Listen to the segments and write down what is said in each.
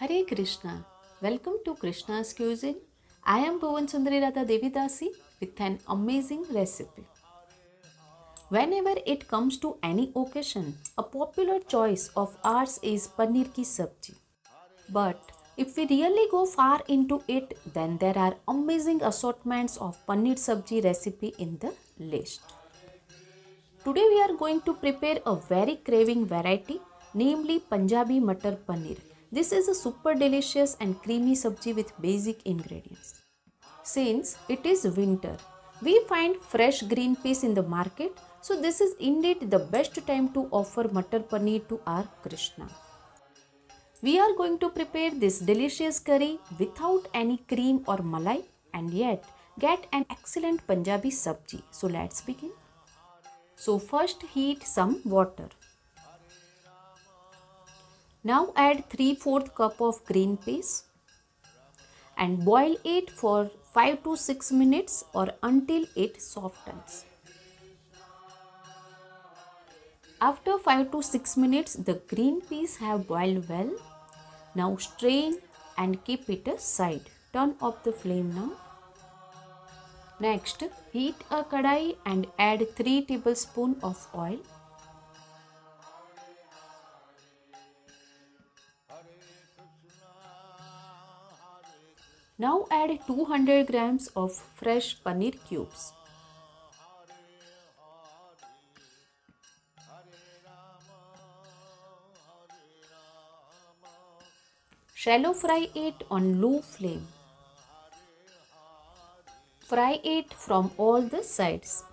Hare Krishna. Welcome to Krishna's Cuisine. I am Bhuvan Sundari Radha Devidasi with an amazing recipe. Whenever it comes to any occasion, a popular choice of ours is paneer ki sabji. But if we really go far into it, then there are amazing assortments of paneer sabji recipe in the list. Today we are going to prepare a very craving variety namely Punjabi Matar Paneer this is a super delicious and creamy sabji with basic ingredients. Since it is winter, we find fresh green peas in the market, so this is indeed the best time to offer matar paneer to our Krishna. We are going to prepare this delicious curry without any cream or malai and yet get an excellent Punjabi sabji. So let's begin. So first heat some water. Now add 3 4th cup of green peas and boil it for 5 to 6 minutes or until it softens. After 5 to 6 minutes the green peas have boiled well. Now strain and keep it aside. Turn off the flame now. Next heat a kadai and add 3 tablespoon of oil Now add 200 grams of fresh paneer cubes. Shallow fry it on low flame. Fry it from all the sides.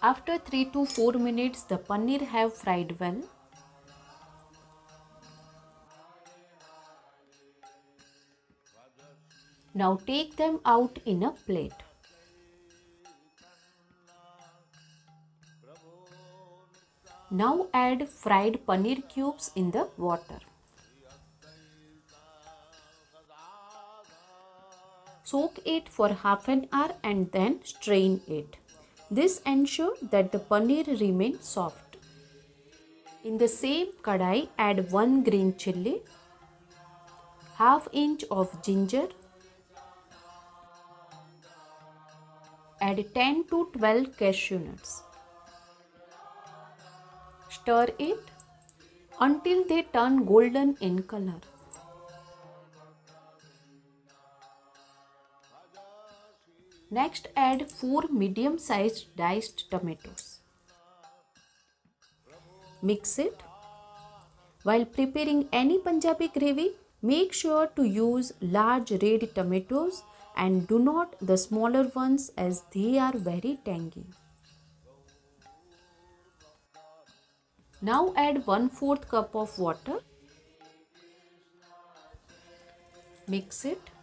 After 3 to 4 minutes the paneer have fried well. Now take them out in a plate. Now add fried paneer cubes in the water. Soak it for half an hour and then strain it. This ensures that the paneer remains soft. In the same kadai add 1 green chilli, half inch of ginger, add 10 to 12 cashew nuts. Stir it until they turn golden in color. Next add 4 medium sized diced tomatoes. Mix it. While preparing any Punjabi gravy, make sure to use large red tomatoes and do not the smaller ones as they are very tangy. Now add 1 4th cup of water. Mix it.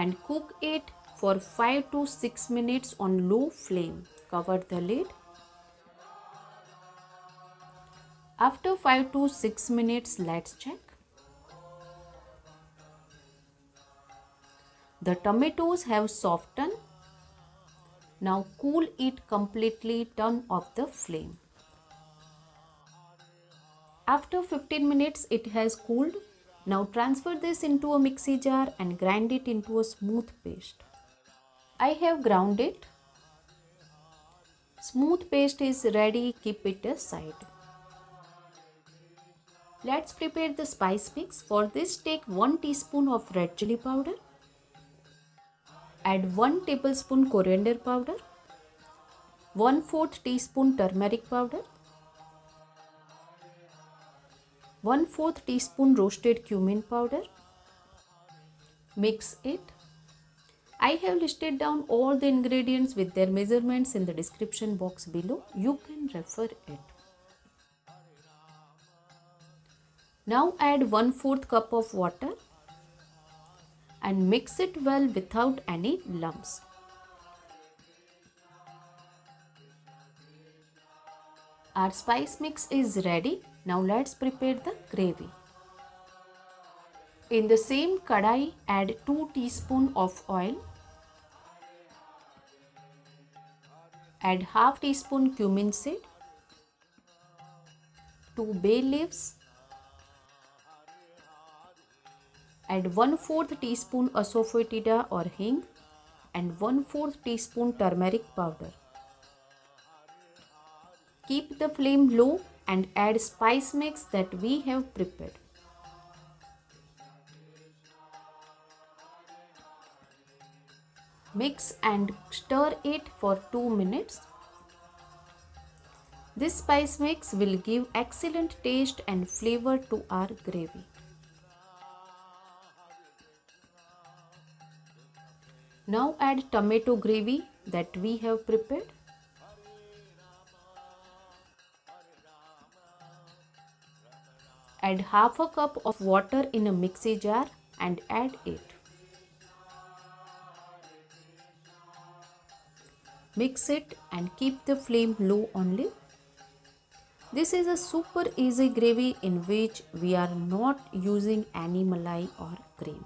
and cook it for 5 to 6 minutes on low flame. Cover the lid. After 5 to 6 minutes, let's check. The tomatoes have softened. Now cool it completely, turn off the flame. After 15 minutes, it has cooled. Now transfer this into a mixie jar and grind it into a smooth paste. I have ground it. Smooth paste is ready, keep it aside. Let's prepare the spice mix. For this take 1 teaspoon of red chili powder. Add 1 tablespoon coriander powder. 1 4 teaspoon turmeric powder 1 4th teaspoon roasted cumin powder. Mix it. I have listed down all the ingredients with their measurements in the description box below. You can refer it. Now add 1 4th cup of water and mix it well without any lumps. Our spice mix is ready. Now let's prepare the gravy. In the same kadai add 2 teaspoon of oil. Add half teaspoon cumin seed, 2 bay leaves, add 1 4th teaspoon asafoetida or hing and 1 4th teaspoon turmeric powder. Keep the flame low and add spice mix that we have prepared. Mix and stir it for 2 minutes. This spice mix will give excellent taste and flavor to our gravy. Now add tomato gravy that we have prepared. Add half a cup of water in a mixie jar and add it. Mix it and keep the flame low only. This is a super easy gravy in which we are not using any malai or cream.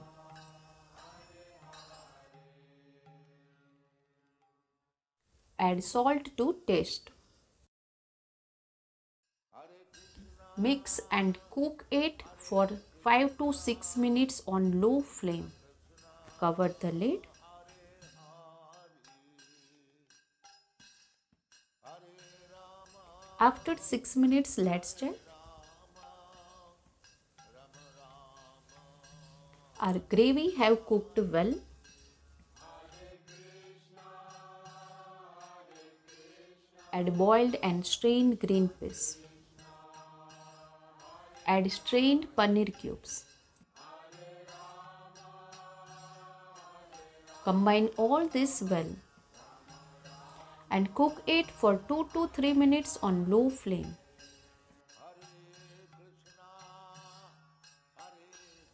Add salt to taste. Mix and cook it for 5 to 6 minutes on low flame. Cover the lid. After 6 minutes let's check. Our gravy have cooked well. Add boiled and strained green peas. Add strained paneer cubes. Combine all this well and cook it for 2 to 3 minutes on low flame.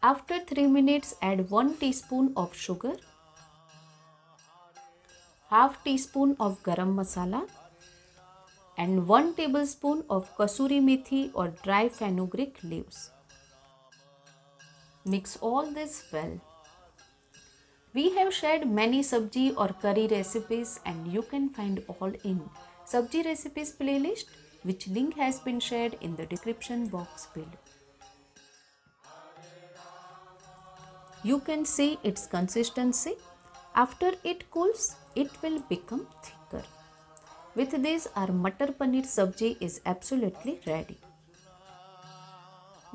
After 3 minutes add 1 teaspoon of sugar, half teaspoon of garam masala and 1 tablespoon of kasuri methi or dry fenugreek leaves. Mix all this well. We have shared many sabji or curry recipes and you can find all in Sabji recipes playlist which link has been shared in the description box below. You can see its consistency. After it cools, it will become thicker. With this our Matar Paneer Sabji is absolutely ready.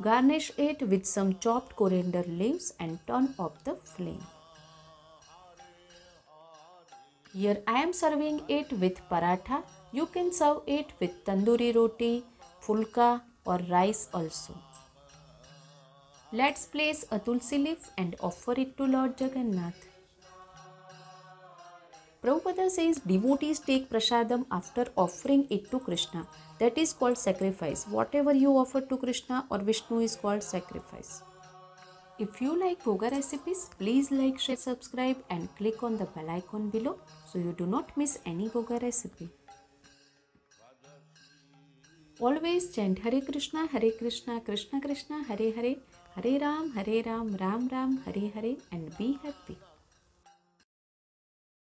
Garnish it with some chopped coriander leaves and turn off the flame. Here I am serving it with paratha. You can serve it with tandoori roti, fulka or rice also. Let's place a tulsi leaf and offer it to Lord Jagannath. Prabhupada says devotees take prasadam after offering it to Krishna. That is called sacrifice. Whatever you offer to Krishna or Vishnu is called sacrifice. If you like Boga recipes, please like, share, subscribe and click on the bell icon below so you do not miss any Boga recipe. Always chant Hare Krishna, Hare Krishna, Krishna Krishna, Hare Hare, Hare Ram, Hare Ram, Ram Ram, Hare Hare and be happy.